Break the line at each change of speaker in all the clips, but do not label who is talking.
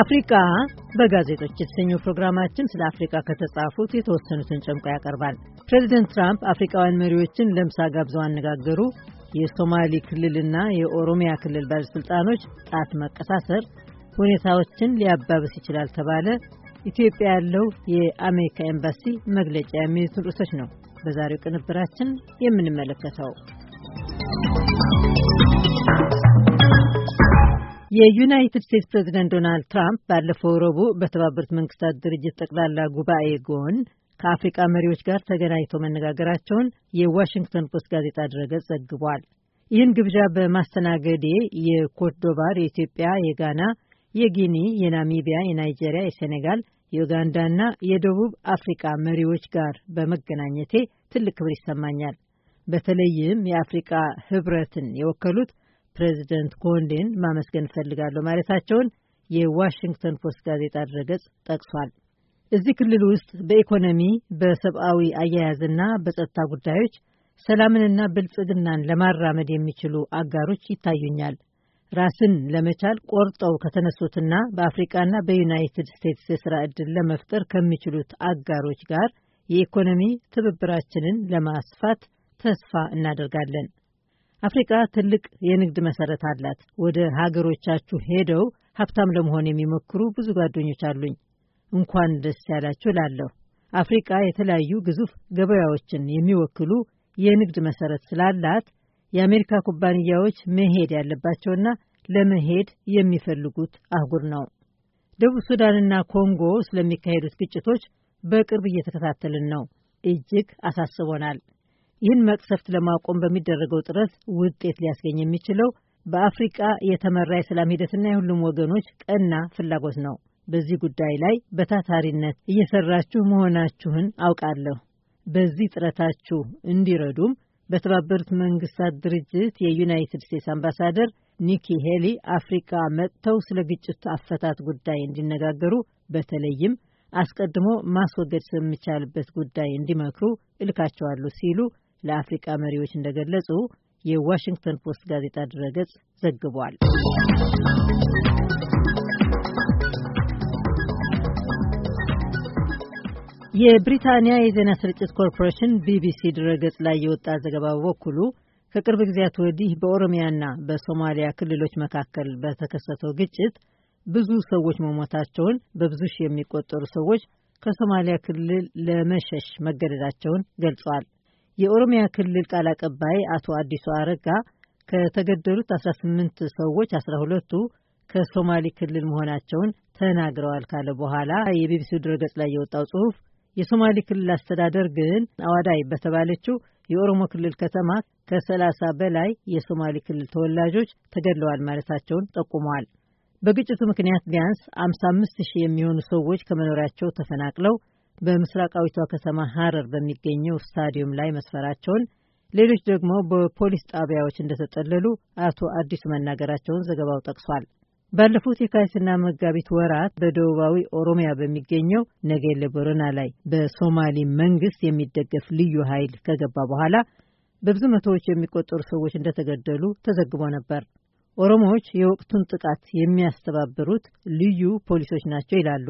አፍሪካ በጋዜጦች የተሰኘው ፕሮግራማችን ስለ አፍሪካ ከተጻፉት የተወሰኑትን ጨምቆ ያቀርባል። ፕሬዚደንት ትራምፕ አፍሪካውያን መሪዎችን ለምሳ ጋብዘው አነጋገሩ፣ የሶማሊ ክልልና የኦሮሚያ ክልል ባለሥልጣኖች ጣት መቀሳሰር ሁኔታዎችን ሊያባብስ ይችላል ተባለ፣ ኢትዮጵያ ያለው የአሜሪካ ኤምባሲ መግለጫ የሚሉትን ርዕሶች ነው በዛሬው ቅንብራችን የምንመለከተው። የዩናይትድ ስቴትስ ፕሬዚደንት ዶናልድ ትራምፕ ባለፈው ረቡዕ በተባበሩት መንግስታት ድርጅት ጠቅላላ ጉባኤ ጎን ከአፍሪቃ መሪዎች ጋር ተገናኝተው መነጋገራቸውን የዋሽንግተን ፖስት ጋዜጣ ድረገጽ ዘግቧል። ይህን ግብዣ በማስተናገዴ የኮርዶባር፣ የኢትዮጵያ፣ የጋና፣ የጊኒ፣ የናሚቢያ፣ የናይጄሪያ፣ የሴኔጋል፣ የኡጋንዳና የደቡብ አፍሪቃ መሪዎች ጋር በመገናኘቴ ትልቅ ክብር ይሰማኛል። በተለይም የአፍሪቃ ህብረትን የወከሉት ፕሬዚደንት ኮንዴን ማመስገን እፈልጋለሁ ማለታቸውን የዋሽንግተን ፖስት ጋዜጣ ድረገጽ ጠቅሷል። እዚህ ክልል ውስጥ በኢኮኖሚ በሰብአዊ አያያዝና በጸጥታ ጉዳዮች ሰላምንና ብልጽግናን ለማራመድ የሚችሉ አጋሮች ይታዩኛል። ራስን ለመቻል ቆርጠው ከተነሱትና በአፍሪቃና በዩናይትድ ስቴትስ የስራ ዕድል ለመፍጠር ከሚችሉት አጋሮች ጋር የኢኮኖሚ ትብብራችንን ለማስፋት ተስፋ እናደርጋለን። አፍሪቃ ትልቅ የንግድ መሰረት አላት። ወደ ሀገሮቻችሁ ሄደው ሀብታም ለመሆን የሚሞክሩ ብዙ ጓደኞች አሉኝ። እንኳን ደስ ያላችሁ እላለሁ። አፍሪቃ የተለያዩ ግዙፍ ገበያዎችን የሚወክሉ የንግድ መሰረት ስላላት የአሜሪካ ኩባንያዎች መሄድ ያለባቸውና ለመሄድ የሚፈልጉት አህጉር ነው። ደቡብ ሱዳንና ኮንጎ ስለሚካሄዱት ግጭቶች በቅርብ እየተከታተልን ነው። እጅግ አሳስቦናል። ይህን መቅሰፍት ለማቆም በሚደረገው ጥረት ውጤት ሊያስገኝ የሚችለው በአፍሪቃ የተመራ የሰላም ሂደትና የሁሉም ወገኖች ቀና ፍላጎት ነው። በዚህ ጉዳይ ላይ በታታሪነት እየሰራችሁ መሆናችሁን አውቃለሁ። በዚህ ጥረታችሁ እንዲረዱም በተባበሩት መንግስታት ድርጅት የዩናይትድ ስቴትስ አምባሳደር ኒኪ ሄሊ አፍሪካ መጥተው ስለ ግጭቱ አፈታት ጉዳይ እንዲነጋገሩ በተለይም አስቀድሞ ማስወገድ ስለሚቻልበት ጉዳይ እንዲመክሩ እልካቸዋለሁ ሲሉ ለአፍሪቃ መሪዎች እንደገለጹ የዋሽንግተን ፖስት ጋዜጣ ድረገጽ ዘግቧል። የብሪታንያ የዜና ስርጭት ኮርፖሬሽን ቢቢሲ ድረገጽ ላይ የወጣ ዘገባ በበኩሉ ከቅርብ ጊዜያት ወዲህ በኦሮሚያና በሶማሊያ ክልሎች መካከል በተከሰተው ግጭት ብዙ ሰዎች መሞታቸውን፣ በብዙ ሺህ የሚቆጠሩ ሰዎች ከሶማሊያ ክልል ለመሸሽ መገደዳቸውን ገልጿል። የኦሮሚያ ክልል ቃል አቀባይ አቶ አዲሱ አረጋ ከተገደሉት 18 ሰዎች 12ቱ ከሶማሊ ክልል መሆናቸውን ተናግረዋል ካለ በኋላ የቢቢሲው ድረገጽ ላይ የወጣው ጽሑፍ የሶማሌ ክልል አስተዳደር ግን አዋዳይ በተባለችው የኦሮሞ ክልል ከተማ ከ30 በላይ የሶማሌ ክልል ተወላጆች ተገድለዋል ማለታቸውን ጠቁመዋል። በግጭቱ ምክንያት ቢያንስ 55 ሺህ የሚሆኑ ሰዎች ከመኖሪያቸው ተፈናቅለው በምስራቃዊቷ ከተማ ሀረር በሚገኘው ስታዲየም ላይ መስፈራቸውን፣ ሌሎች ደግሞ በፖሊስ ጣቢያዎች እንደተጠለሉ አቶ አዲሱ መናገራቸውን ዘገባው ጠቅሷል። ባለፉት የካቲትና መጋቢት ወራት በደቡባዊ ኦሮሚያ በሚገኘው ነገሌ ቦረና ላይ በሶማሌ መንግስት የሚደገፍ ልዩ ኃይል ከገባ በኋላ በብዙ መቶዎች የሚቆጠሩ ሰዎች እንደተገደሉ ተዘግቦ ነበር። ኦሮሞዎች የወቅቱን ጥቃት የሚያስተባብሩት ልዩ ፖሊሶች ናቸው ይላሉ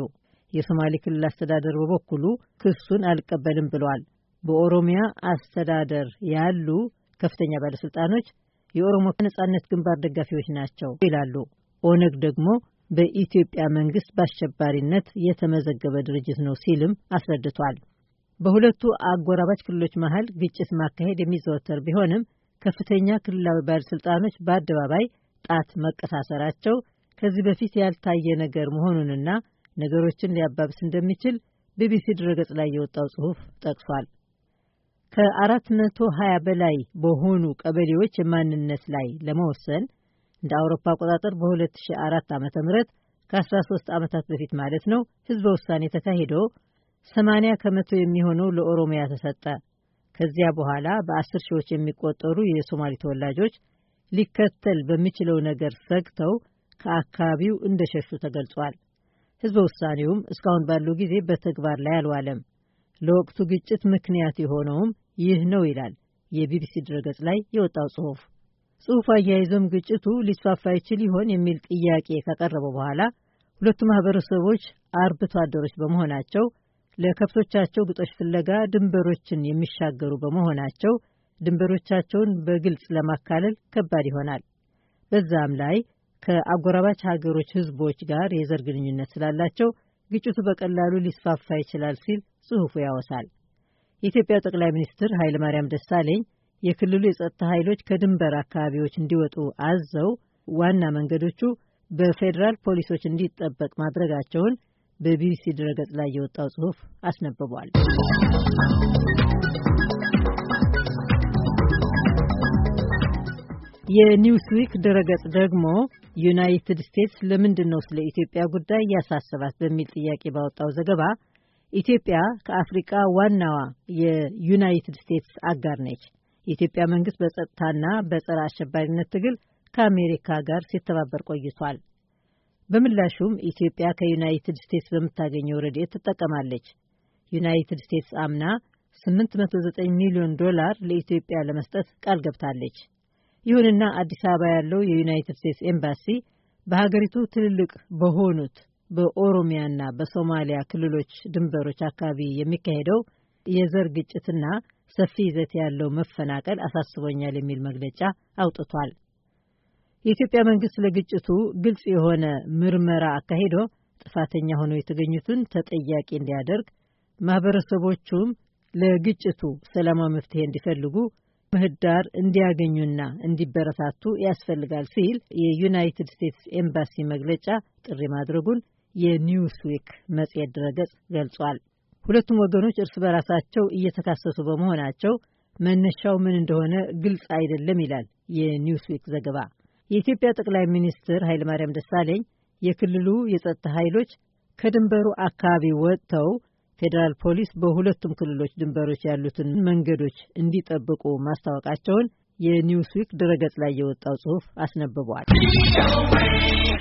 የሶማሌ ክልል አስተዳደር በበኩሉ ክሱን አልቀበልም ብሏል። በኦሮሚያ አስተዳደር ያሉ ከፍተኛ ባለስልጣኖች የኦሮሞ ነጻነት ግንባር ደጋፊዎች ናቸው ይላሉ። ኦነግ ደግሞ በኢትዮጵያ መንግስት በአሸባሪነት የተመዘገበ ድርጅት ነው ሲልም አስረድቷል። በሁለቱ አጎራባች ክልሎች መሀል ግጭት ማካሄድ የሚዘወተር ቢሆንም ከፍተኛ ክልላዊ ባለስልጣኖች በአደባባይ ጣት መቀሳሰራቸው ከዚህ በፊት ያልታየ ነገር መሆኑንና ነገሮችን ሊያባብስ እንደሚችል ቢቢሲ ድረገጽ ላይ የወጣው ጽሑፍ ጠቅሷል። ከ420 በላይ በሆኑ ቀበሌዎች የማንነት ላይ ለመወሰን እንደ አውሮፓ አቆጣጠር በ2004 ዓ ም ከ13 ዓመታት በፊት ማለት ነው ህዝበ ውሳኔ ተካሂዶ 80 ከመቶ የሚሆነው ለኦሮሚያ ተሰጠ። ከዚያ በኋላ በአስር ሺዎች የሚቆጠሩ የሶማሌ ተወላጆች ሊከተል በሚችለው ነገር ሰግተው ከአካባቢው እንደሸሹ ተገልጿል። ህዝበ ውሳኔውም እስካሁን ባለው ጊዜ በተግባር ላይ አልዋለም። ለወቅቱ ግጭት ምክንያት የሆነውም ይህ ነው ይላል የቢቢሲ ድረገጽ ላይ የወጣው ጽሑፍ። ጽሑፍ አያይዞም ግጭቱ ሊስፋፋ ይችል ይሆን የሚል ጥያቄ ከቀረበ በኋላ ሁለቱ ማህበረሰቦች አርብቶ አደሮች በመሆናቸው ለከብቶቻቸው ግጦሽ ፍለጋ ድንበሮችን የሚሻገሩ በመሆናቸው ድንበሮቻቸውን በግልጽ ለማካለል ከባድ ይሆናል። በዛም ላይ ከአጎራባች ሀገሮች ህዝቦች ጋር የዘር ግንኙነት ስላላቸው ግጭቱ በቀላሉ ሊስፋፋ ይችላል ሲል ጽሑፉ ያወሳል። የኢትዮጵያ ጠቅላይ ሚኒስትር ኃይለማርያም ደሳለኝ የክልሉ የጸጥታ ኃይሎች ከድንበር አካባቢዎች እንዲወጡ አዘው ዋና መንገዶቹ በፌዴራል ፖሊሶች እንዲጠበቅ ማድረጋቸውን በቢቢሲ ድረገጽ ላይ የወጣው ጽሑፍ አስነብቧል። የኒውስዊክ ድረገጽ ደግሞ ዩናይትድ ስቴትስ ለምንድን ነው ስለ ኢትዮጵያ ጉዳይ ያሳሰባት በሚል ጥያቄ ባወጣው ዘገባ ኢትዮጵያ ከአፍሪቃ ዋናዋ የዩናይትድ ስቴትስ አጋር ነች። የኢትዮጵያ መንግስት በጸጥታና በጸረ አሸባሪነት ትግል ከአሜሪካ ጋር ሲተባበር ቆይቷል። በምላሹም ኢትዮጵያ ከዩናይትድ ስቴትስ በምታገኘው ረድኤት ትጠቀማለች። ዩናይትድ ስቴትስ አምና 809 ሚሊዮን ዶላር ለኢትዮጵያ ለመስጠት ቃል ገብታለች። ይሁንና አዲስ አበባ ያለው የዩናይትድ ስቴትስ ኤምባሲ በሀገሪቱ ትልልቅ በሆኑት በኦሮሚያና በሶማሊያ ክልሎች ድንበሮች አካባቢ የሚካሄደው የዘር ግጭትና ሰፊ ይዘት ያለው መፈናቀል አሳስቦኛል የሚል መግለጫ አውጥቷል። የኢትዮጵያ መንግስት ለግጭቱ ግልጽ የሆነ ምርመራ አካሂዶ ጥፋተኛ ሆነው የተገኙትን ተጠያቂ እንዲያደርግ፣ ማህበረሰቦቹም ለግጭቱ ሰላማዊ መፍትሄ እንዲፈልጉ ምህዳር እንዲያገኙና እንዲበረታቱ ያስፈልጋል ሲል የዩናይትድ ስቴትስ ኤምባሲ መግለጫ ጥሪ ማድረጉን የኒውስዊክ መጽሔት ድረገጽ ገልጿል። ሁለቱም ወገኖች እርስ በራሳቸው እየተካሰሱ በመሆናቸው መነሻው ምን እንደሆነ ግልጽ አይደለም ይላል የኒውስዊክ ዘገባ። የኢትዮጵያ ጠቅላይ ሚኒስትር ኃይለማርያም ደሳለኝ የክልሉ የጸጥታ ኃይሎች ከድንበሩ አካባቢ ወጥተው ፌዴራል ፖሊስ በሁለቱም ክልሎች ድንበሮች ያሉትን መንገዶች እንዲጠብቁ ማስታወቃቸውን የኒውስዊክ ድረገጽ ላይ የወጣው ጽሑፍ አስነብቧል።